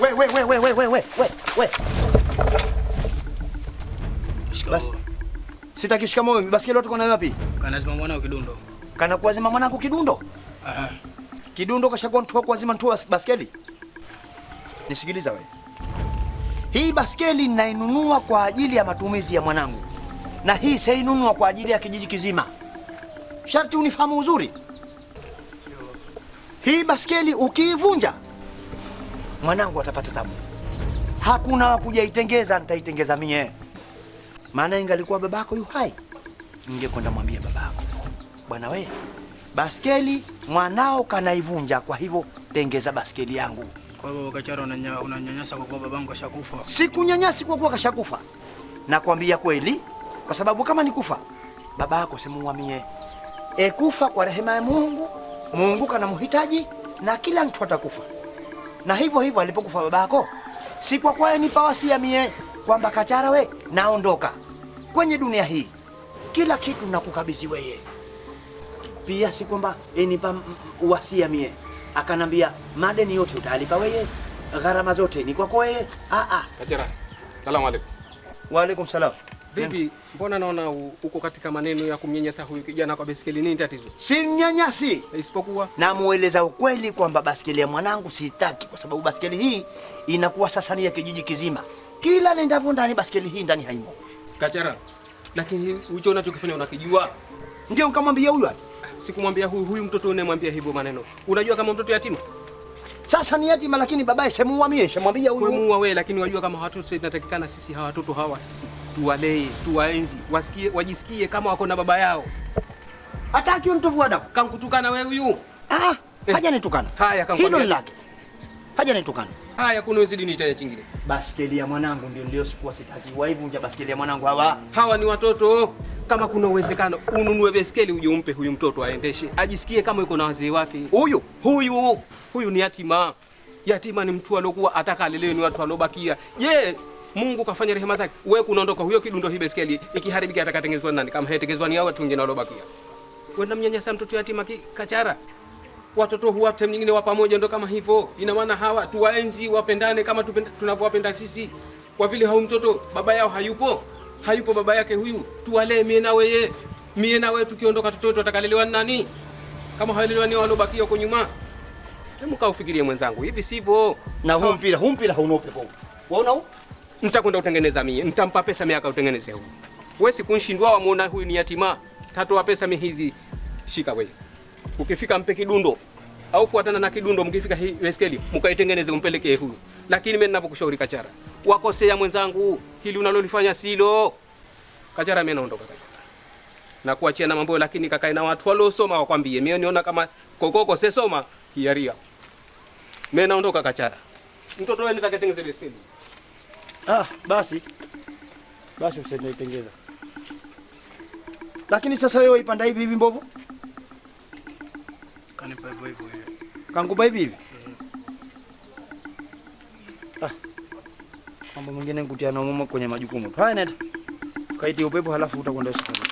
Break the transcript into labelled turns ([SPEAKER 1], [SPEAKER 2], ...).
[SPEAKER 1] we, we, we, we, we, we, we, we, basi sitaki shikamoo. Basi leo tuko na wapi?
[SPEAKER 2] Kanazima mwanao kidundo,
[SPEAKER 1] kana kuwazima mwanangu kidundo. Aha, kidundo kashakuwa mtu kuwazima mtu wa baskeli. Nisikiliza wewe, hii baskeli ninainunua kwa ajili ya matumizi ya mwanangu, na hii sainunua kwa ajili ya kijiji kizima. Sharti unifahamu uzuri. Hii baskeli ukiivunja mwanangu atapata tabu. Hakuna wakujaitengeza, nitaitengeza mie. Maana ingalikuwa babako yu hai, ningekwenda mwambia babako, bwana we, baskeli mwanao kanaivunja, kwa hivyo tengeza baskeli yangu.
[SPEAKER 2] Kwa hivyo wakachara, unanyanyasa kwa kuwa babangu kashakufa?
[SPEAKER 1] Sikunyanyasi kwa kuwa kashakufa, nakwambia kweli, kwa sababu kama nikufa babako simuwamie ekufa kwa rehema ya Mungu. Mungu kana muhitaji na kila mtu atakufa na hivyo hivyo alipokufa babako, si kwa kwaye nipawasia mie kwamba Kachara we naondoka kwenye dunia hii, kila kitu nakukabidhi weye. Pia si kwamba enipa wasia mie, akanambia madeni yote utalipa weye, gharama zote ni kwa weye. Ah ah,
[SPEAKER 2] Kachara, salamu alaykum.
[SPEAKER 1] Wa alaykum salam.
[SPEAKER 2] Vipi, mbona naona uko katika maneno ya kumnyanyasa huyu kijana kwa baskeli Nini tatizo?
[SPEAKER 1] Simnyanyasi, isipokuwa namueleza ukweli kwamba baskeli ya mwanangu sitaki, kwa sababu baskeli hii inakuwa sasa ni ya kijiji kizima. Kila nendavyo ndani, baskeli hii ndani haimo.
[SPEAKER 2] Kachara, lakini hicho unachokifanya unakijua?
[SPEAKER 1] Ndio, nkamwambia huyu.
[SPEAKER 2] Sikumwambia huyu, huyu mtoto unayemwambia hivyo maneno. Unajua kama mtoto yatima
[SPEAKER 1] sasa ni yatima lakini babaye semuuamie, shamwambia huyu.
[SPEAKER 2] Muua wewe lakini wajua kama watoto tunatakikana sisi hawa watoto hawa sisi tuwalee, tuwaenzi, wasikie, wajisikie kama wako na baba yao.
[SPEAKER 1] Hataki mtovu adabu.
[SPEAKER 2] Kankutukana wewe huyu.
[SPEAKER 1] Ah, haja eh. nitukana.
[SPEAKER 2] Haya kangu. Hilo
[SPEAKER 1] lake haja naitukana.
[SPEAKER 2] Haya, kuna uzidi ni tena chingine.
[SPEAKER 1] Baskeli ya mwanangu ndio ndio sikuwa sitaki. Waivunja baskeli ya mwanangu hawa.
[SPEAKER 2] Hawa ni watoto. Kama kuna uwezekano ununue baskeli uje umpe huyu mtoto aendeshe. Ajisikie kama yuko na wazee wake. Huyu, huyu, huyu ni yatima. Yatima ni mtu alokuwa ataka alelewe ni watu alobakia. Je, Mungu kafanya rehema zake. Wewe kunaondoka huyo kidundo hii baskeli ikiharibika atakatengenezwa nani? Kama haitengenezwa ni hao watu wengine alobakia. Wewe mnyanyasa mtoto yatima kachara watoto huwa nyingine wa pamoja, ndo kama hivyo. Ina maana hawa tuwaenzi, wapendane kama tunavyowapenda sisi, kwa vile hao mtoto baba yao hayupo, hayupo baba yake huyu, tuwalee mie na wewe, mie na wewe. Tukiondoka watoto wetu watakalelewa nani kama hawalelewa ni walobakia huko nyuma? Hebu kaa ufikirie mwenzangu, hivi sivyo?
[SPEAKER 1] Na huu mpira huu mpira hauna upepo, waona huu,
[SPEAKER 2] nitakwenda kutengeneza mie, nitampa pesa mie akautengeneze huu. Wewe sikunshindwa, wamuona huyu ni yatima, tatoa pesa mie hizi, shika wewe ukifika mpe kidundo au fuatana na kidundo, mkifika hii baiskeli mkaitengeneze umpeleke huyu. Lakini mimi ninavyokushauri Kachara, wakosea mwenzangu, hili unalolifanya silo. Kachara, mimi naondoka na kuachia na mambo, lakini kakae na watu waliosoma wakwambie. Mimi niona kama kokoko se soma hiaria. Mimi naondoka Kachara, mtoto wewe nitakatengeneza baiskeli.
[SPEAKER 1] Ah, basi basi, usiende itengeza. Lakini sasa wewe ipanda hivi hivi mbovu
[SPEAKER 2] Kanguba hivyo hivi.
[SPEAKER 1] Kanguba hivi hivi. Ah. Mambo mengine ngutiana mama kwenye majukumu. Haya nenda. Kaiti upepo halafu utakwenda hospitali.